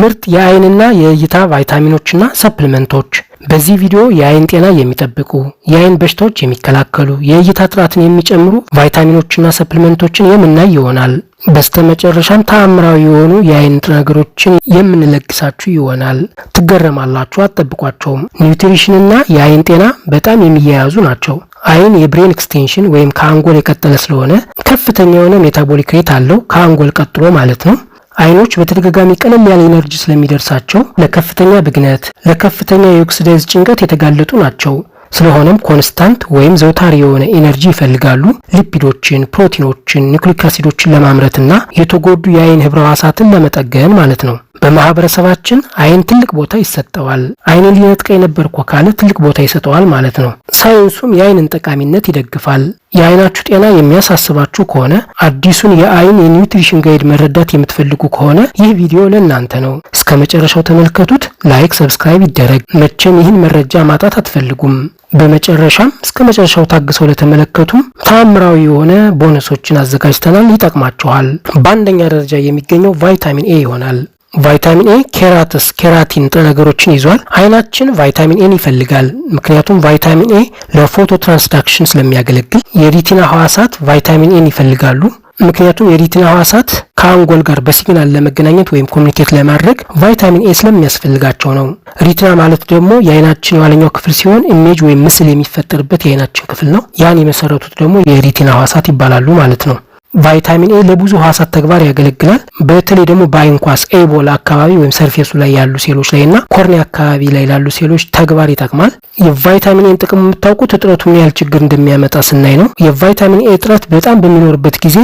ምርጥ የአይንና የእይታ ቫይታሚኖችና ሰፕልመንቶች በዚህ ቪዲዮ የአይን ጤና የሚጠብቁ የአይን በሽታዎች የሚከላከሉ የእይታ ጥራትን የሚጨምሩ ቫይታሚኖችና ሰፕልመንቶችን የምናይ ይሆናል። በስተ መጨረሻም ተአምራዊ የሆኑ የአይን ንጥረ ነገሮችን የምንለግሳችሁ ይሆናል። ትገረማላችሁ፣ አትጠብቋቸውም። ኒውትሪሽንና የአይን ጤና በጣም የሚያያዙ ናቸው። አይን የብሬን ኤክስቴንሽን ወይም ከአንጎል የቀጠለ ስለሆነ ከፍተኛ የሆነ ሜታቦሊክ ሬት አለው፣ ከአንጎል ቀጥሎ ማለት ነው። አይኖች በተደጋጋሚ ቀለል ያለ ኢነርጂ ስለሚደርሳቸው ለከፍተኛ ብግነት፣ ለከፍተኛ የኦክሲዳይዝ ጭንቀት የተጋለጡ ናቸው። ስለሆነም ኮንስታንት ወይም ዘውታሪ የሆነ ኢነርጂ ይፈልጋሉ። ሊፒዶችን፣ ፕሮቲኖችን፣ ኒውክሊክ አሲዶችን ለማምረትና የተጎዱ የአይን ህብረ ህዋሳትን ለመጠገን ማለት ነው። በማህበረሰባችን አይን ትልቅ ቦታ ይሰጠዋል። አይንን ሊነጥቀ ነበር እኮ ካለ ትልቅ ቦታ ይሰጠዋል ማለት ነው። ሳይንሱም የአይንን ጠቃሚነት ይደግፋል። የአይናችሁ ጤና የሚያሳስባችሁ ከሆነ አዲሱን የአይን የኒውትሪሽን ጋይድ መረዳት የምትፈልጉ ከሆነ ይህ ቪዲዮ ለእናንተ ነው። እስከ መጨረሻው ተመልከቱት። ላይክ፣ ሰብስክራይብ ይደረግ። መቼም ይህን መረጃ ማጣት አትፈልጉም። በመጨረሻም እስከ መጨረሻው ታግሰው ለተመለከቱም ታምራዊ የሆነ ቦነሶችን አዘጋጅተናል፣ ይጠቅማችኋል። በአንደኛ ደረጃ የሚገኘው ቫይታሚን ኤ ይሆናል። ቫይታሚን ኤ ኬራትስ ኬራቲን ንጥረ ነገሮችን ይዟል። አይናችን ቫይታሚን ኤን ይፈልጋል። ምክንያቱም ቫይታሚን ኤ ለፎቶ ትራንስዳክሽን ስለሚያገለግል የሪቲና ህዋሳት ቫይታሚን ኤን ይፈልጋሉ። ምክንያቱም የሪቲና ህዋሳት ከአንጎል ጋር በሲግናል ለመገናኘት ወይም ኮሚኒኬት ለማድረግ ቫይታሚን ኤ ስለሚያስፈልጋቸው ነው። ሪቲና ማለት ደግሞ የአይናችን የኋለኛው ክፍል ሲሆን ኢሜጅ ወይም ምስል የሚፈጠርበት የአይናችን ክፍል ነው። ያን የመሰረቱት ደግሞ የሪቲና ህዋሳት ይባላሉ ማለት ነው። ቫይታሚን ኤ ለብዙ ህዋሳት ተግባር ያገለግላል። በተለይ ደግሞ በአይንኳስ ኤቦላ አካባቢ ወይም ሰርፌሱ ላይ ያሉ ሴሎች ላይ እና ኮርኒያ አካባቢ ላይ ላሉ ሴሎች ተግባር ይጠቅማል። የቫይታሚን ኤን ጥቅም የምታውቁት እጥረቱ ምን ያህል ችግር እንደሚያመጣ ስናይ ነው። የቫይታሚን ኤ እጥረት በጣም በሚኖርበት ጊዜ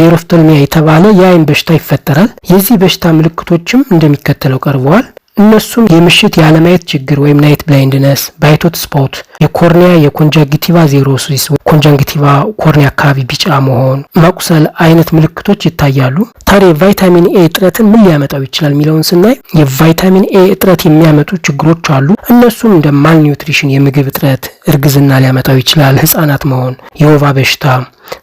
ዜሮፍቶልሚያ የተባለ የአይን በሽታ ይፈጠራል። የዚህ በሽታ ምልክቶችም እንደሚከተለው ቀርበዋል። እነሱም የምሽት የአለማየት ችግር ወይም ናይት ብላይንድነስ፣ ባይቶት ስፖት፣ የኮርኒያ የኮንጃንክቲቫ ዜሮሲስ ኮንጃንክቲቫ ኮርኒያ አካባቢ ቢጫ መሆን፣ መቁሰል አይነት ምልክቶች ይታያሉ። ታዲያ የቫይታሚን ኤ እጥረትን ምን ሊያመጣው ይችላል የሚለውን ስናይ የቫይታሚን ኤ እጥረት የሚያመጡ ችግሮች አሉ። እነሱም እንደ ማልኒውትሪሽን የምግብ እጥረት፣ እርግዝና ሊያመጣው ይችላል፣ ህጻናት መሆን፣ የወባ በሽታ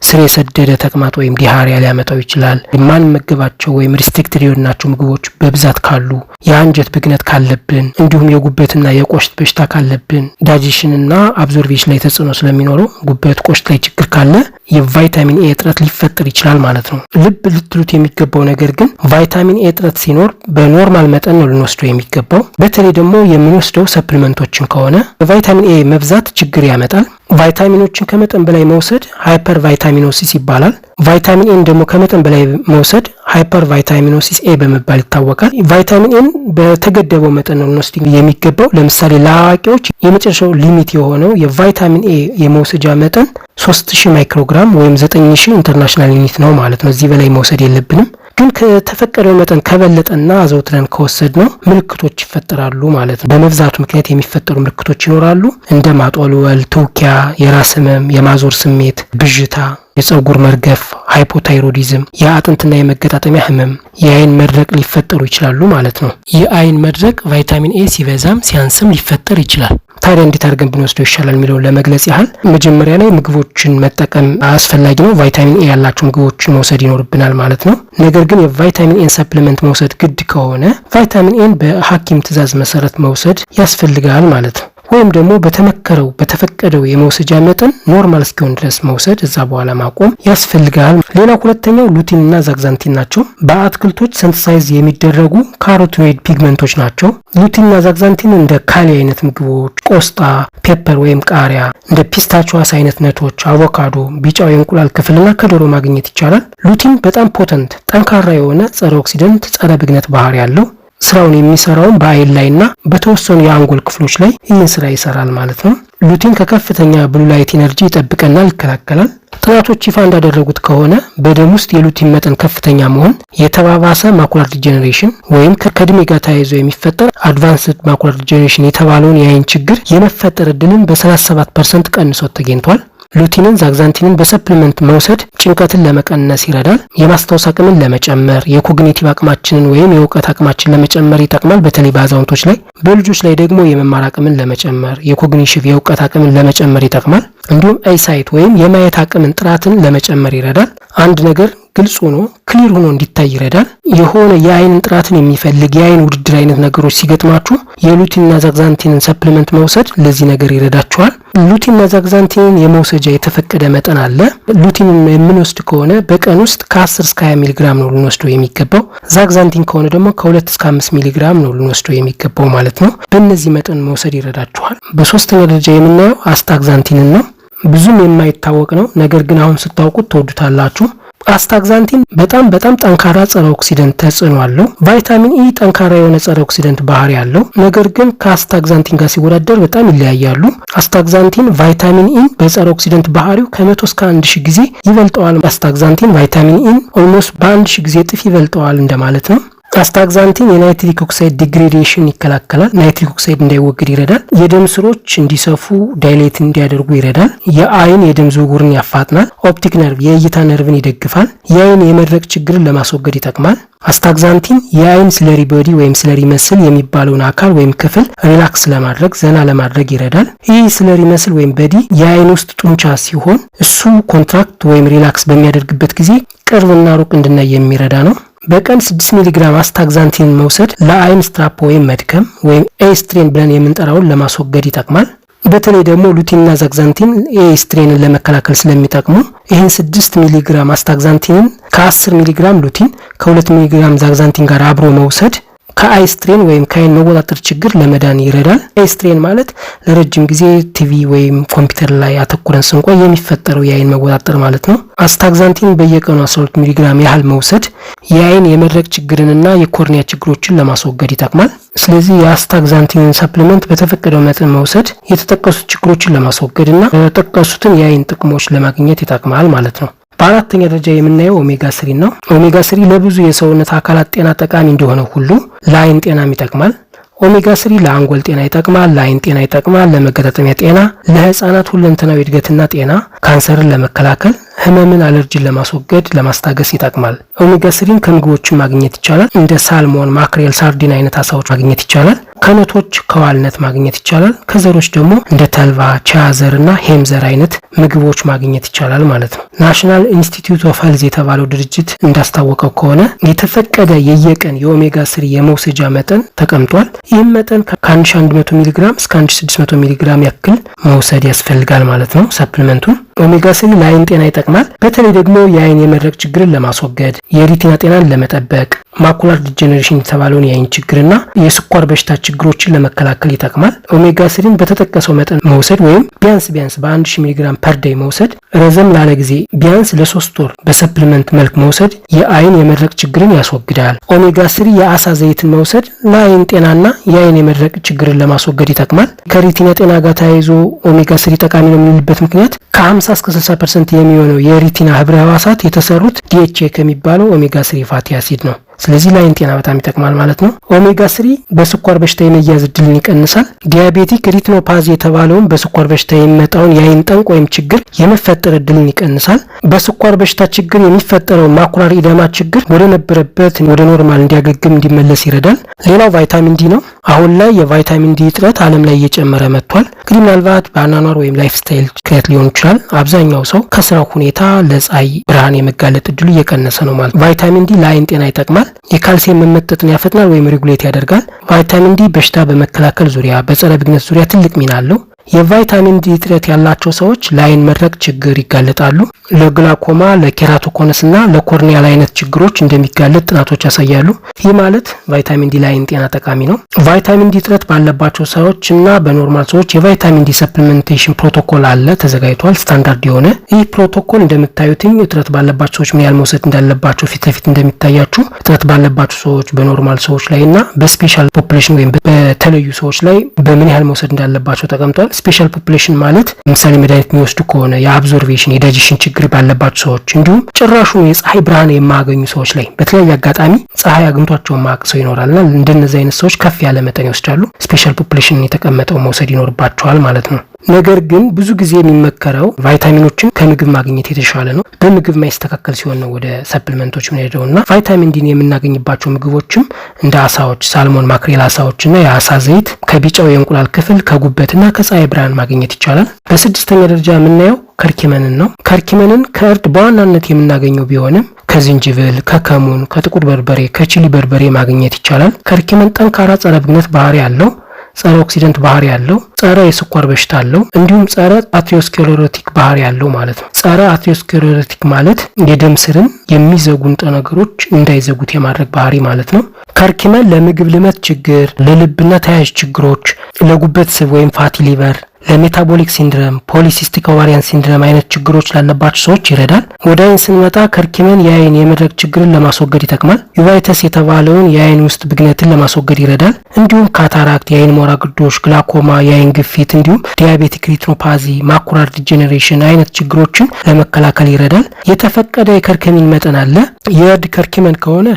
ስር የሰደደ ተቅማጥ ወይም ዲሃሪያ ሊያመጣው ይችላል። የማንመገባቸው ወይም ሪስትሪክትድ የሆናቸው ምግቦች በብዛት ካሉ፣ የአንጀት ብግነት ካለብን፣ እንዲሁም የጉበትና የቆሽት በሽታ ካለብን፣ ዳይጀሽንና አብዞርቬሽን ላይ ተጽዕኖ ስለሚኖረው ጉበት ቆሽት ላይ ችግር ካለ የቫይታሚን ኤ እጥረት ሊፈጠር ይችላል ማለት ነው። ልብ ልትሉት የሚገባው ነገር ግን ቫይታሚን ኤ እጥረት ሲኖር በኖርማል መጠን ነው ልንወስደው የሚገባው። በተለይ ደግሞ የምንወስደው ሰፕሊመንቶችን ከሆነ በቫይታሚን ኤ መብዛት ችግር ያመጣል። ቫይታሚኖችን ከመጠን በላይ መውሰድ ሃይፐር ቫይታሚኖሲስ ይባላል። ቫይታሚን ኤን ደግሞ ከመጠን በላይ መውሰድ ሃይፐር ቫይታሚኖሲስ ኤ በመባል ይታወቃል። ቫይታሚን ኤን በተገደበው መጠን ነው ልንወስድ የሚገባው። ለምሳሌ ለአዋቂዎች የመጨረሻው ሊሚት የሆነው የቫይታሚን ኤ የመውሰጃ መጠን 3000 ማይክሮግራም ወይም 9000 ኢንተርናሽናል ዩኒት ነው ማለት ነው። እዚህ በላይ መውሰድ የለብንም። ግን ከተፈቀደው መጠን ከበለጠና አዘውትረን ከወሰድ ነው ምልክቶች ይፈጠራሉ ማለት ነው። በመብዛቱ ምክንያት የሚፈጠሩ ምልክቶች ይኖራሉ። እንደ ማጦልወል፣ ትውኪያ፣ የራስ ህመም፣ የማዞር ስሜት፣ ብዥታ፣ የፀጉር መርገፍ፣ ሃይፖታይሮዲዝም፣ የአጥንትና የመገጣጠሚያ ህመም፣ የአይን መድረቅ ሊፈጠሩ ይችላሉ ማለት ነው። የአይን መድረቅ ቫይታሚን ኤ ሲበዛም ሲያንስም ሊፈጠር ይችላል። ታዲያ እንዴት አድርገን ብንወስደው ይሻላል የሚለውን ለመግለጽ ያህል መጀመሪያ ላይ ምግቦችን መጠቀም አስፈላጊ ነው። ቫይታሚን ኤ ያላቸው ምግቦችን መውሰድ ይኖርብናል ማለት ነው። ነገር ግን የቫይታሚን ኤን ሰፕሊመንት መውሰድ ግድ ከሆነ ቫይታሚን ኤን በሐኪም ትዕዛዝ መሰረት መውሰድ ያስፈልጋል ማለት ነው። ወይም ደግሞ በተመከረው በተፈቀደው የመውሰጃ መጠን ኖርማል እስኪሆን ድረስ መውሰድ እዛ በኋላ ማቆም ያስፈልጋል። ሌላው ሁለተኛው ሉቲንና ዛግዛንቲን ናቸው። በአትክልቶች ሰንተሳይዝ የሚደረጉ ካሮቲኖይድ ፒግመንቶች ናቸው። ሉቲንና ዛግዛንቲን እንደ ካሊ አይነት ምግቦች፣ ቆስጣ፣ ፔፐር ወይም ቃሪያ፣ እንደ ፒስታቸዋስ አይነት ነቶች፣ አቮካዶ፣ ቢጫው የእንቁላል ክፍልና ከዶሮ ማግኘት ይቻላል። ሉቲን በጣም ፖተንት ጠንካራ የሆነ ጸረ ኦክሲደንት ጸረ ብግነት ባህሪ ያለው ስራውን የሚሰራውን በአይን ላይና በተወሰኑ የአንጎል ክፍሎች ላይ ይህን ስራ ይሰራል ማለት ነው። ሉቲን ከከፍተኛ ብሉላይት ኤነርጂ ይጠብቀናል፣ ይከላከላል። ጥናቶች ይፋ እንዳደረጉት ከሆነ በደም ውስጥ የሉቲን መጠን ከፍተኛ መሆን የተባባሰ ማኩላር ዲጀኔሬሽን ወይም ከእድሜ ጋር ተያይዞ የሚፈጠር አድቫንስድ ማኩላር ዲጀኔሬሽን የተባለውን የአይን ችግር የመፈጠር እድልን በ37 ፐርሰንት ቀንሶት ተገኝቷል። ሉቲንን፣ ዛግዛንቲንን በሰፕሊመንት መውሰድ ጭንቀትን ለመቀነስ ይረዳል። የማስታወስ አቅምን ለመጨመር፣ የኮግኒቲቭ አቅማችንን ወይም የእውቀት አቅማችን ለመጨመር ይጠቅማል። በተለይ በአዛውንቶች ላይ። በልጆች ላይ ደግሞ የመማር አቅምን ለመጨመር፣ የኮግኒሽቭ የእውቀት አቅምን ለመጨመር ይጠቅማል። እንዲሁም አይሳይት ወይም የማየት አቅምን ጥራትን ለመጨመር ይረዳል። አንድ ነገር ግልጽ ሆኖ ክሊር ሆኖ እንዲታይ ይረዳል። የሆነ የአይንን ጥራትን የሚፈልግ የአይን ውድድር አይነት ነገሮች ሲገጥማችሁ የሉቲንና ዛግዛንቲንን ሰፕሊመንት መውሰድ ለዚህ ነገር ይረዳችኋል። ሉቲንና ዛግዛንቲንን የመውሰጃ የተፈቀደ መጠን አለ። ሉቲንን የምንወስድ ከሆነ በቀን ውስጥ ከ10 እስከ 20 ሚሊግራም ነው ልንወስደው የሚገባው። ዛግዛንቲን ከሆነ ደግሞ ከ2 እስከ 5 ሚሊግራም ነው ልንወስደው የሚገባው ማለት ነው። በእነዚህ መጠን መውሰድ ይረዳችኋል። በሶስተኛ ደረጃ የምናየው አስታግዛንቲንን ነው። ብዙም የማይታወቅ ነው፣ ነገር ግን አሁን ስታውቁት ትወዱታላችሁ። አስታግዛንቲን በጣም በጣም ጠንካራ ጸረ ኦክሲደንት ተጽዕኖ አለው። ቫይታሚን ኢ ጠንካራ የሆነ ጸረ ኦክሲደንት ባህሪ ያለው ነገር ግን ከአስታግዛንቲን ጋር ሲወዳደር በጣም ይለያያሉ። አስታግዛንቲን ቫይታሚን ኢን በጸረ ኦክሲደንት ባህሪው ከመቶ እስከ አንድ ሺህ ጊዜ ይበልጠዋል። አስታግዛንቲን ቫይታሚን ኢን ኦልሞስት በአንድ ሺህ ጊዜ እጥፍ ይበልጠዋል እንደማለት ነው። አስታግዛንቲን የናይትሪክ ኦክሳይድ ዲግሬዴሽን ይከላከላል። ናይትሪክ ኦክሳይድ እንዳይወገድ ይረዳል። የደም ስሮች እንዲሰፉ ዳይሌት እንዲያደርጉ ይረዳል። የአይን የደም ዝውውርን ያፋጥናል። ኦፕቲክ ነርቭ የእይታ ነርቭን ይደግፋል። የአይን የመድረቅ ችግርን ለማስወገድ ይጠቅማል። አስታግዛንቲን የአይን ስለሪ ቦዲ ወይም ስለሪ መስል የሚባለውን አካል ወይም ክፍል ሪላክስ ለማድረግ ዘና ለማድረግ ይረዳል። ይህ ስለሪ መስል ወይም በዲ የአይን ውስጥ ጡንቻ ሲሆን እሱ ኮንትራክት ወይም ሪላክስ በሚያደርግበት ጊዜ ቅርብና ሩቅ እንድናይ የሚረዳ ነው። በቀን 6 ሚሊግራም አስታግዛንቲን መውሰድ ለአይን ስትራፕ ወይም መድከም ወይም ኤስትሬን ብለን የምንጠራውን ለማስወገድ ይጠቅማል። በተለይ ደግሞ ሉቲንና ዛግዛንቲን ኤስትሬንን ለመከላከል ስለሚጠቅሙ ይህን 6 ሚሊግራም አስታግዛንቲንን ከ10 ሚሊግራም ሉቲን ከ2 ሚሊግራም ዛግዛንቲን ጋር አብሮ መውሰድ ከአይስትሬን ወይም ከአይን መወጣጠር ችግር ለመዳን ይረዳል። አይስትሬን ማለት ለረጅም ጊዜ ቲቪ ወይም ኮምፒውተር ላይ አተኩረን ስንቆይ የሚፈጠረው የአይን መወጣጠር ማለት ነው። አስታግዛንቲን በየቀኑ 12 ሚሊግራም ያህል መውሰድ የአይን የመድረቅ ችግርንና የኮርኒያ ችግሮችን ለማስወገድ ይጠቅማል። ስለዚህ የአስታግዛንቲንን ሰፕሊመንት በተፈቀደው መጠን መውሰድ የተጠቀሱት ችግሮችን ለማስወገድ እና የተጠቀሱትን የአይን ጥቅሞች ለማግኘት ይጠቅማል ማለት ነው። በአራተኛ ደረጃ የምናየው ኦሜጋ ስሪ ነው። ኦሜጋ ስሪ ለብዙ የሰውነት አካላት ጤና ጠቃሚ እንደሆነ ሁሉ ለአይን ጤናም ይጠቅማል። ኦሜጋ ስሪ ለአንጎል ጤና ይጠቅማል፣ ለአይን ጤና ይጠቅማል፣ ለመገጣጠሚያ ጤና፣ ለህፃናት ሁለንተናዊ እድገትና ጤና፣ ካንሰርን ለመከላከል ህመምን፣ አለርጂን ለማስወገድ ለማስታገስ ይጠቅማል። ኦሜጋ ስሪን ከምግቦች ማግኘት ይቻላል። እንደ ሳልሞን፣ ማክሬል፣ ሳርዲን አይነት አሳዎች ማግኘት ይቻላል። ከነቶች ከዋልነት ማግኘት ይቻላል። ከዘሮች ደግሞ እንደ ተልባ፣ ቻያዘር እና ሄምዘር አይነት ምግቦች ማግኘት ይቻላል ማለት ነው። ናሽናል ኢንስቲትዩት ኦፍ ሄልዝ የተባለው ድርጅት እንዳስታወቀው ከሆነ የተፈቀደ የየቀን የኦሜጋ ስሪ የመውሰጃ መጠን ተቀምጧል። ይህም መጠን ከ1100 ሚሊግራም እስከ 1600 ሚሊግራም ያክል መውሰድ ያስፈልጋል ማለት ነው። ሰፕልመንቱን ኦሜጋ ስሪ ለአይን ጤና ይጠቅማል። በተለይ ደግሞ የአይን የመድረቅ ችግርን ለማስወገድ፣ የሪቲና ጤናን ለመጠበቅ፣ ማኩላር ዲጀነሬሽን የተባለውን የአይን ችግርና የስኳር በሽታ ችግሮችን ለመከላከል ይጠቅማል። ኦሜጋ ስሪን በተጠቀሰው መጠን መውሰድ ወይም ቢያንስ ቢያንስ በ1000 ሚሊግራም ፐርዳይ መውሰድ፣ ረዘም ላለ ጊዜ ቢያንስ ለሶስት ወር በሰፕሊመንት መልክ መውሰድ የአይን የመድረቅ ችግርን ያስወግዳል። ኦሜጋ ስሪ የአሳ ዘይትን መውሰድ ለአይን ጤናና የአይን የመድረቅ ችግርን ለማስወገድ ይጠቅማል። ከሪቲና ጤና ጋር ተያይዞ ኦሜጋ ስሪ ጠቃሚ ነው የምንልበት ምክንያት ከ50 እስከ 60 ፐርሰንት የሚሆነው የሪቲና ህብረ ህዋሳት የተሰሩት ዲኤችኤ ከሚባለው ኦሜጋ ስሪ ፋቲ አሲድ ነው። ስለዚህ ለአይን ጤና በጣም ይጠቅማል ማለት ነው። ኦሜጋ ስሪ በስኳር በሽታ የመያዝ እድልን ይቀንሳል። ዲያቤቲክ ሪትኖፓዝ የተባለውን በስኳር በሽታ የሚመጣውን የአይን ጠንቅ ወይም ችግር የመፈጠር እድልን ይቀንሳል። በስኳር በሽታ ችግር የሚፈጠረው ማኩላር ኢደማ ችግር ወደ ነበረበት ወደ ኖርማል እንዲያገግም እንዲመለስ ይረዳል። ሌላው ቫይታሚን ዲ ነው። አሁን ላይ የቫይታሚን ዲ እጥረት ዓለም ላይ እየጨመረ መጥቷል። እንግዲህ ምናልባት በአኗኗር ወይም ላይፍ ስታይል ምክንያት ሊሆን ይችላል። አብዛኛው ሰው ከስራው ሁኔታ ለፀሐይ ብርሃን የመጋለጥ እድሉ እየቀነሰ ነው ማለት። ቫይታሚን ዲ ለአይን ጤና ይጠቅማል። ያመጣል። የካልሲየም መመጠጥን ያፈጥናል ወይም ሬጉሌት ያደርጋል። ቫይታሚን ዲ በሽታ በመከላከል ዙሪያ፣ በጸረ ብግነት ዙሪያ ትልቅ ሚና አለው። የቫይታሚን ዲ እጥረት ያላቸው ሰዎች ለአይን መድረቅ ችግር ይጋለጣሉ። ለግላኮማ ለኬራቶኮነስ ለኮርኒያል አይነት ችግሮች እንደሚጋለጥ ጥናቶች ያሳያሉ። ይህ ማለት ቫይታሚን ዲ ለአይን ጤና ጠቃሚ ነው። ቫይታሚን ዲ እጥረት ባለባቸው ሰዎች እና በኖርማል ሰዎች የቫይታሚን ዲ ሰፕሊመንቴሽን ፕሮቶኮል አለ ተዘጋጅቷል፣ ስታንዳርድ የሆነ ይህ ፕሮቶኮል እንደምታዩትኝ እጥረት ባለባቸው ሰዎች ምን ያህል መውሰድ እንዳለባቸው ፊት ለፊት እንደሚታያችሁ እጥረት ባለባቸው ሰዎች፣ በኖርማል ሰዎች ላይ እና በስፔሻል ፖፕሌሽን ወይም በተለዩ ሰዎች ላይ በምን ያህል መውሰድ እንዳለባቸው ተቀምጧል። ስፔሻል ፖፕሌሽን ማለት ለምሳሌ መድኃኒት የሚወስዱ ከሆነ የአብዞርቬሽን የዳይጀሽን ችግር ችግር ባለባቸው ሰዎች እንዲሁም ጭራሹን የፀሐይ ብርሃን የማያገኙ ሰዎች ላይ በተለያየ አጋጣሚ ፀሐይ አግኝቷቸው ማቅ ሰው ይኖራልና እንደነዚህ አይነት ሰዎች ከፍ ያለ መጠን ይወስዳሉ። ስፔሻል ፖፕሌሽን የተቀመጠው መውሰድ ይኖርባቸዋል ማለት ነው። ነገር ግን ብዙ ጊዜ የሚመከረው ቫይታሚኖችን ከምግብ ማግኘት የተሻለ ነው። በምግብ ማይስተካከል ሲሆን ነው ወደ ሰፕልመንቶች ምንሄደው እና ቫይታሚን ዲን የምናገኝባቸው ምግቦችም እንደ አሳዎች፣ ሳልሞን፣ ማክሬል አሳዎችና የአሳ ዘይት ከቢጫው የእንቁላል ክፍል ከጉበትና ከፀሐይ ብርሃን ማግኘት ይቻላል። በስድስተኛ ደረጃ የምናየው ከርኪመንን ነው። ከርኪመንን ከእርድ በዋናነት የምናገኘው ቢሆንም ከዝንጅብል፣ ከከሙን፣ ከጥቁር በርበሬ፣ ከቺሊ በርበሬ ማግኘት ይቻላል። ከርኪመን ጠንካራ ጸረ ብግነት ባህሪ አለው። ጸረ ኦክሲደንት ባህሪ ያለው፣ ጸረ የስኳር በሽታ አለው፣ እንዲሁም ጸረ አትሪዮስክሌሮቲክ ባህሪ ያለው ማለት ነው። ጸረ አትሪዮስክሌሮቲክ ማለት የደም ስርን የሚዘጉ ንጥረ ነገሮች እንዳይዘጉት የማድረግ ባህሪ ማለት ነው። ከርኪመን ለምግብ ልመት ችግር፣ ለልብና ተያያዥ ችግሮች፣ ለጉበት ስብ ወይም ፋቲ ሊቨር ለሜታቦሊክ ሲንድረም፣ ፖሊሲስቲክ ኦቫሪያን ሲንድረም አይነት ችግሮች ላለባቸው ሰዎች ይረዳል። ወደ አይን ስንመጣ ከርኪመን የአይን የመድረቅ ችግርን ለማስወገድ ይጠቅማል። ዩቫይተስ የተባለውን የአይን ውስጥ ብግነትን ለማስወገድ ይረዳል። እንዲሁም ካታራክት፣ የአይን ሞራ ግርዶሽ፣ ግላኮማ፣ የአይን ግፊት እንዲሁም ዲያቤቲክ ሪትኖፓዚ፣ ማኩራር ዲጀኔሬሽን አይነት ችግሮችን ለመከላከል ይረዳል። የተፈቀደ የከርኪሚን መጠን አለ። የእርድ ከርኪመን ከሆነ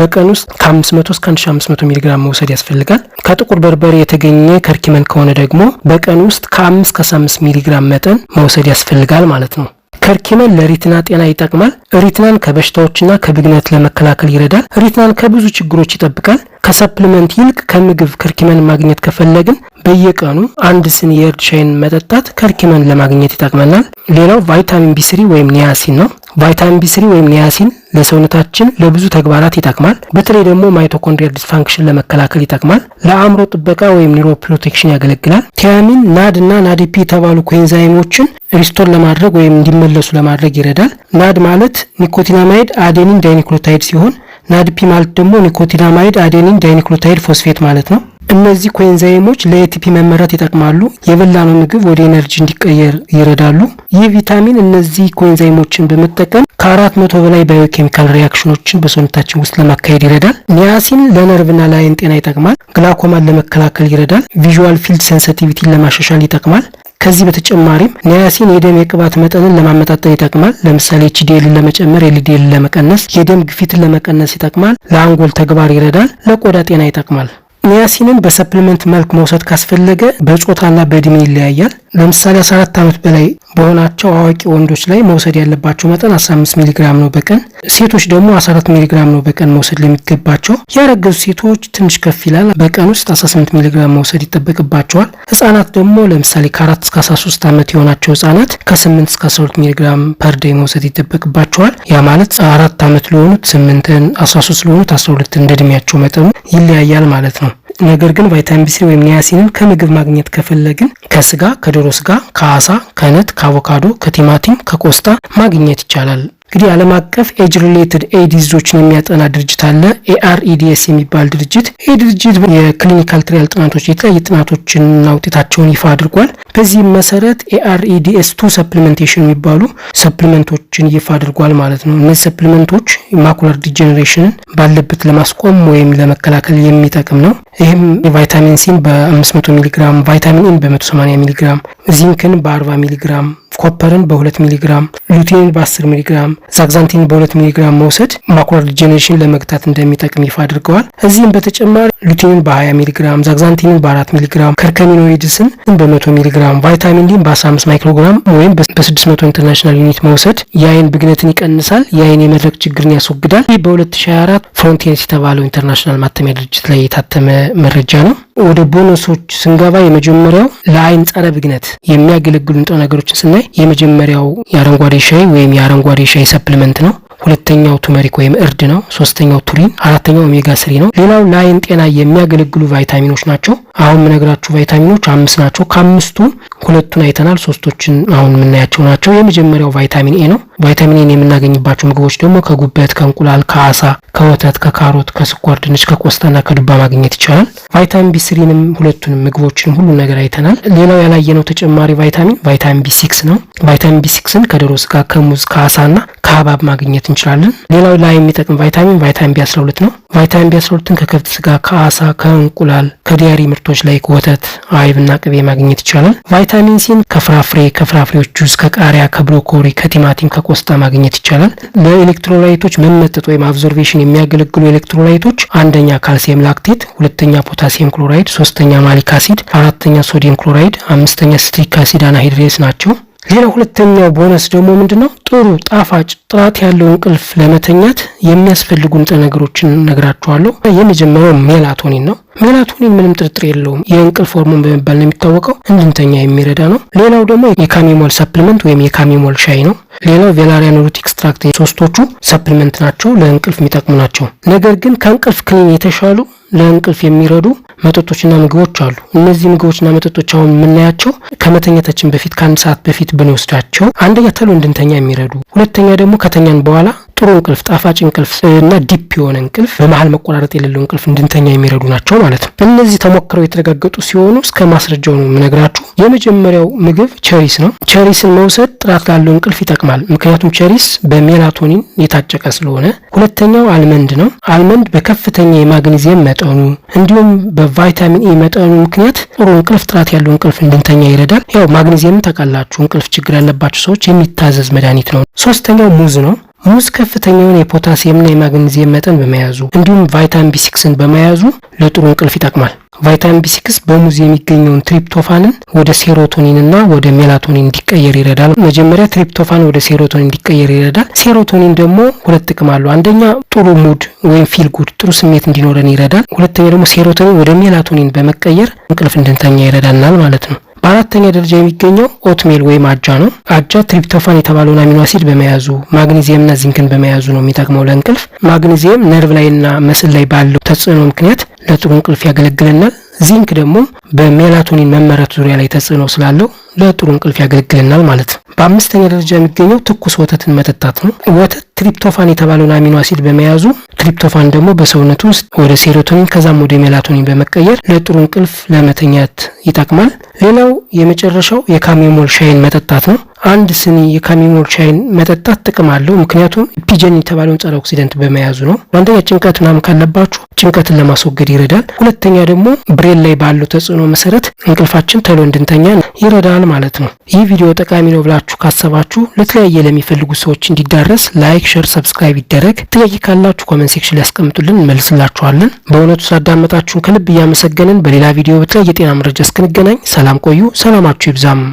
በቀን ውስጥ ከ500 እስከ 1500 ሚሊግራም መውሰድ ያስፈልጋል። ከጥቁር በርበሬ የተገኘ ከርኪመን ከሆነ ደግሞ በቀን ውስጥ ከ5 እስከ 15 ሚሊግራም መጠን መውሰድ ያስፈልጋል ማለት ነው። ከርኪመን ለሪትና ጤና ይጠቅማል። ሪትናን ከበሽታዎችና ከብግነት ለመከላከል ይረዳል። ሪትናን ከብዙ ችግሮች ይጠብቃል። ከሰፕሊመንት ይልቅ ከምግብ ከርኪመን ማግኘት ከፈለግን በየቀኑ አንድ ስኒ የእርድ ሻይን መጠጣት ከርኪመን ለማግኘት ይጠቅመናል። ሌላው ቫይታሚን ቢ ወይም ኒያሲን ነው። ቫይታሚን ቢ3 ወይም ኒያሲን ለሰውነታችን ለብዙ ተግባራት ይጠቅማል። በተለይ ደግሞ ማይቶኮንድሪያል ዲስፋንክሽን ለመከላከል ይጠቅማል። ለአእምሮ ጥበቃ ወይም ኒሮ ፕሮቴክሽን ያገለግላል። ቲያሚን፣ ናድ እና ናዲፒ የተባሉ ኮንዛይሞችን ሪስቶር ለማድረግ ወይም እንዲመለሱ ለማድረግ ይረዳል። ናድ ማለት ኒኮቲናማይድ አዴኒን ዳይኒክሎታይድ ሲሆን ናድፒ ማለት ደግሞ ኒኮቲናማይድ አዴኒን ዳይኒክሎታይድ ፎስፌት ማለት ነው። እነዚህ ኮኤንዛይሞች ለኤቲፒ መመረት ይጠቅማሉ። የበላነው ምግብ ወደ ኤነርጂ እንዲቀየር ይረዳሉ። ይህ ቪታሚን እነዚህ ኮኤንዛይሞችን በመጠቀም ከአራት መቶ በላይ ባዮኬሚካል ሪያክሽኖችን በሰውነታችን ውስጥ ለማካሄድ ይረዳል። ኒያሲን ለነርቭና ለአይን ጤና ይጠቅማል። ግላኮማን ለመከላከል ይረዳል። ቪዥዋል ፊልድ ሴንሲቲቪቲን ለማሻሻል ይጠቅማል። ከዚህ በተጨማሪም ኒያሲን የደም የቅባት መጠንን ለማመጣጠን ይጠቅማል። ለምሳሌ ችዴልን ለመጨመር፣ ኤልዲኤልን ለመቀነስ፣ የደም ግፊትን ለመቀነስ ይጠቅማል። ለአንጎል ተግባር ይረዳል። ለቆዳ ጤና ይጠቅማል። ኒያሲንን በሰፕሊመንት መልክ መውሰድ ካስፈለገ በጾታና በእድሜ ይለያያል። ለምሳሌ 14 ዓመት በላይ በሆናቸው አዋቂ ወንዶች ላይ መውሰድ ያለባቸው መጠን 15 ሚሊግራም ነው በቀን፣ ሴቶች ደግሞ 14 ሚሊግራም ነው በቀን መውሰድ ለሚገባቸው። ያረገዙ ሴቶች ትንሽ ከፍ ይላል፣ በቀን ውስጥ 18 ሚሊግራም መውሰድ ይጠበቅባቸዋል። ህጻናት ደግሞ ለምሳሌ ከ4 እስከ 13 ዓመት የሆናቸው ህጻናት ከ8 እስከ 12 ሚሊግራም ፐርዴ መውሰድ ይጠበቅባቸዋል። ያ ማለት 4 ዓመት ለሆኑት 8ን፣ 13 ለሆኑት 12 እንደ እድሜያቸው መጠኑ ይለያያል ማለት ነው። ነገር ግን ቫይታሚን ቢ3 ወይም ኒያሲንን ከምግብ ማግኘት ከፈለግን ከስጋ፣ ከዶሮ ስጋ፣ ከአሳ፣ ከነት፣ ከአቮካዶ፣ ከቲማቲም፣ ከቆስጣ ማግኘት ይቻላል። እንግዲህ ዓለም አቀፍ ኤጅ ሪሌትድ ኤዲዞችን የሚያጠና ድርጅት አለ፣ ኤአርኢዲኤስ የሚባል ድርጅት። ይህ ድርጅት የክሊኒካል ትሪያል ጥናቶች የተለያየ ጥናቶችንና ውጤታቸውን ይፋ አድርጓል። በዚህም መሰረት ኤአርኢዲኤስ ቱ ሰፕሊመንቴሽን የሚባሉ ሰፕሊመንቶችን ይፋ አድርጓል ማለት ነው። እነዚህ ሰፕሊመንቶች ማኩላር ዲጀኔሬሽንን ባለበት ለማስቆም ወይም ለመከላከል የሚጠቅም ነው። ይህም ቫይታሚን ሲን በ500 ሚሊግራም፣ ቫይታሚን ኢን በ180 ሚሊግራም፣ ዚንክን በ40 ሚሊግራም ኮፐርን በ2 ሚሊግራም፣ ሉቲንን በ10 ሚሊግራም፣ ዛግዛንቲን በ2 ሚሊግራም መውሰድ ማኩላር ዲጀኔሬሽን ለመግታት እንደሚጠቅም ይፋ አድርገዋል። እዚህም በተጨማሪ ሉቲንን በ20 ሚሊግራም፣ ዛግዛንቲንን በ4 ሚሊግራም፣ ከርከሚኖይድስን በ100 ሚሊግራም፣ ቫይታሚን ዲን በ15 ማይክሮግራም ወይም በ600 ኢንተርናሽናል ዩኒት መውሰድ የአይን ብግነትን ይቀንሳል፣ የአይን የመድረቅ ችግርን ያስወግዳል። ይህ በ2024 ፍሮንቴንስ የተባለው ኢንተርናሽናል ማተሚያ ድርጅት ላይ የታተመ መረጃ ነው። ወደ ቦነሶች ስንገባ የመጀመሪያው ለአይን ጸረ ብግነት የሚያገለግሉ ንጥረ ነገሮችን ስናይ የመጀመሪያው የአረንጓዴ ሻይ ወይም የአረንጓዴ ሻይ ሰፕሊመንት ነው። ሁለተኛው ቱመሪክ ወይም እርድ ነው። ሶስተኛው ቱሪን፣ አራተኛው ኦሜጋ ስሪ ነው። ሌላው ለአይን ጤና የሚያገለግሉ ቫይታሚኖች ናቸው። አሁን የምነግራችሁ ቫይታሚኖች አምስት ናቸው። ከአምስቱ ሁለቱን አይተናል። ሶስቶችን አሁን የምናያቸው ናቸው። የመጀመሪያው ቫይታሚን ኤ ነው። ቫይታሚን ኤን የምናገኝባቸው ምግቦች ደግሞ ከጉበት፣ ከእንቁላል፣ ከአሳ፣ ከወተት፣ ከካሮት፣ ከስኳር ድንች፣ ከቆስጣና ከዱባ ማግኘት ይቻላል። ቫይታሚን ቢ ስሪንም ሁለቱንም ምግቦችን ሁሉን ነገር አይተናል። ሌላው ያላየነው ተጨማሪ ቫይታሚን ቫይታሚን ቢ ሲክስ ነው። ቫይታሚን ቢ ሲክስን ከዶሮ ስጋ፣ ከሙዝ፣ ከአሳና ከሀባብ ማግኘት እንችላለን። ሌላው ላይ የሚጠቅም ቫይታሚን ቫይታሚን ቢ ሁለት ነው። ቫይታሚን ቢ12ን ከከብት ስጋ፣ ከአሳ፣ ከእንቁላል፣ ከዲያሪ ምርቶች ላይ ወተት፣ አይብና ቅቤ ማግኘት ይቻላል። ቫይታሚን ሲን ከፍራፍሬ ከፍራፍሬዎች ጁስ፣ ከቃሪያ፣ ከብሮኮሪ፣ ከቲማቲም፣ ከቆስጣ ማግኘት ይቻላል። ለኤሌክትሮላይቶች መመጠጥ ወይም አብዞርቬሽን የሚያገለግሉ ኤሌክትሮላይቶች አንደኛ ካልሲየም ላክቴት፣ ሁለተኛ ፖታሲየም ክሎራይድ፣ ሶስተኛ ማሊክ አሲድ፣ አራተኛ ሶዲየም ክሎራይድ፣ አምስተኛ ስትሪክ አሲድ አናሂድሬስ ናቸው። ሌላ ሁለተኛው ቦነስ ደግሞ ምንድን ነው? ጥሩ ጣፋጭ ጥራት ያለው እንቅልፍ ለመተኛት የሚያስፈልጉ ንጥረ ነገሮችን እነግራችኋለሁ። የመጀመሪያው ሜላቶኒን ነው። ሜላቶኒን ምንም ጥርጥር የለውም የእንቅልፍ ሆርሞን በመባል ነው የሚታወቀው፣ እንድንተኛ የሚረዳ ነው። ሌላው ደግሞ የካሚሞል ሰፕሊመንት ወይም የካሚሞል ሻይ ነው። ሌላው ቬላሪያን ሩት ኤክስትራክት፣ ሶስቶቹ ሰፕሊመንት ናቸው፣ ለእንቅልፍ የሚጠቅሙ ናቸው። ነገር ግን ከእንቅልፍ ክኒን የተሻሉ ለእንቅልፍ የሚረዱ መጠጦችና ምግቦች አሉ። እነዚህ ምግቦችና መጠጦች አሁን የምናያቸው ከመተኛታችን በፊት ከአንድ ሰዓት በፊት ብንወስዳቸው አንደኛ ተሎ እንድንተኛ የሚረዱ ሁለተኛ ደግሞ ከተኛን በኋላ ጥሩ እንቅልፍ፣ ጣፋጭ እንቅልፍ እና ዲፕ የሆነ እንቅልፍ በመሀል መቆራረጥ የሌለው እንቅልፍ እንድንተኛ የሚረዱ ናቸው ማለት ነው። እነዚህ ተሞክረው የተረጋገጡ ሲሆኑ እስከ ማስረጃው ነው የምነግራችሁ። የመጀመሪያው ምግብ ቸሪስ ነው። ቸሪስን መውሰድ ጥራት ላለው እንቅልፍ ይጠቅማል። ምክንያቱም ቸሪስ በሜላቶኒን የታጨቀ ስለሆነ። ሁለተኛው አልመንድ ነው። አልመንድ በከፍተኛ የማግኒዚየም መጠኑ እንዲሁም በቫይታሚን ኢ e መጠኑ ምክንያት ጥሩ እንቅልፍ፣ ጥራት ያለው እንቅልፍ እንድንተኛ ይረዳል። ያው ማግኔዚየምን ታውቃላችሁ፣ እንቅልፍ ችግር ያለባቸው ሰዎች የሚታዘዝ መድኃኒት ነው። ሶስተኛው ሙዝ ነው። ሙዝ ከፍተኛውን የፖታሲየምና የማግኔዚየም መጠን በመያዙ እንዲሁም ቫይታሚን ቢ6ን በመያዙ ለጥሩ እንቅልፍ ይጠቅማል። ቫይታሚን ቢ6 በሙዝ የሚገኘውን ትሪፕቶፋንን ወደ ሴሮቶኒንና ወደ ሜላቶኒን እንዲቀየር ይረዳል። መጀመሪያ ትሪፕቶፋን ወደ ሴሮቶኒን እንዲቀየር ይረዳል። ሴሮቶኒን ደግሞ ሁለት ጥቅም አለው። አንደኛ ጥሩ ሙድ ወይም ፊል ጉድ ጥሩ ስሜት እንዲኖረን ይረዳል። ሁለተኛ ደግሞ ሴሮቶኒን ወደ ሜላቶኒን በመቀየር እንቅልፍ እንድንተኛ ይረዳናል ማለት ነው። በአራተኛ ደረጃ የሚገኘው ኦትሜል ወይም አጃ ነው። አጃ ትሪፕቶፋን የተባለውን አሚኖ አሲድ በመያዙ ማግኔዚየምና ዚንክን በመያዙ ነው የሚጠቅመው ለእንቅልፍ። ማግኔዚየም ነርቭ ላይና መስል ላይ ባለው ተጽዕኖ ምክንያት ለጥሩ እንቅልፍ ያገለግለናል። ዚንክ ደግሞ በሜላቶኒን መመረት ዙሪያ ላይ ተጽዕኖ ስላለው ለጥሩ እንቅልፍ ያገለግለናል ማለት ነው። በአምስተኛ ደረጃ የሚገኘው ትኩስ ወተትን መጠጣት ነው። ወተት ትሪፕቶፋን የተባለውን አሚኖ አሲድ በመያዙ ትሪፕቶፋን ደግሞ በሰውነት ውስጥ ወደ ሴሮቶኒን ከዛም ወደ ሜላቶኒን በመቀየር ለጥሩ እንቅልፍ ለመተኛት ይጠቅማል። ሌላው የመጨረሻው የካሚሞል ሻይን መጠጣት ነው። አንድ ስኒ የካሚሞል ሻይን መጠጣት ጥቅም አለው። ምክንያቱም ፒጀን የተባለውን ጸረ ኦክሲደንት በመያዙ ነው። አንደኛ ጭንቀት ምናምን ካለባችሁ ጭንቀትን ለማስወገድ ይረዳል። ሁለተኛ ደግሞ ብሬል ላይ ባለው ተጽዕኖ መሰረት እንቅልፋችን ተሎ እንድንተኛ ይረዳል ማለት ነው። ይህ ቪዲዮ ጠቃሚ ነው ብላችሁ ካሰባችሁ ለተለያየ ለሚፈልጉ ሰዎች እንዲዳረስ ላይክ፣ ሸር፣ ሰብስክራይብ ይደረግ። ጥያቄ ካላችሁ ኮመንት ሴክሽን ሊያስቀምጡልን እንመልስላችኋለን። በእውነቱ ሳዳመጣችሁን ከልብ እያመሰገንን በሌላ ቪዲዮ በተለያየ ጤና መረጃ እስክንገናኝ ሰላም ቆዩ። ሰላማችሁ ይብዛም።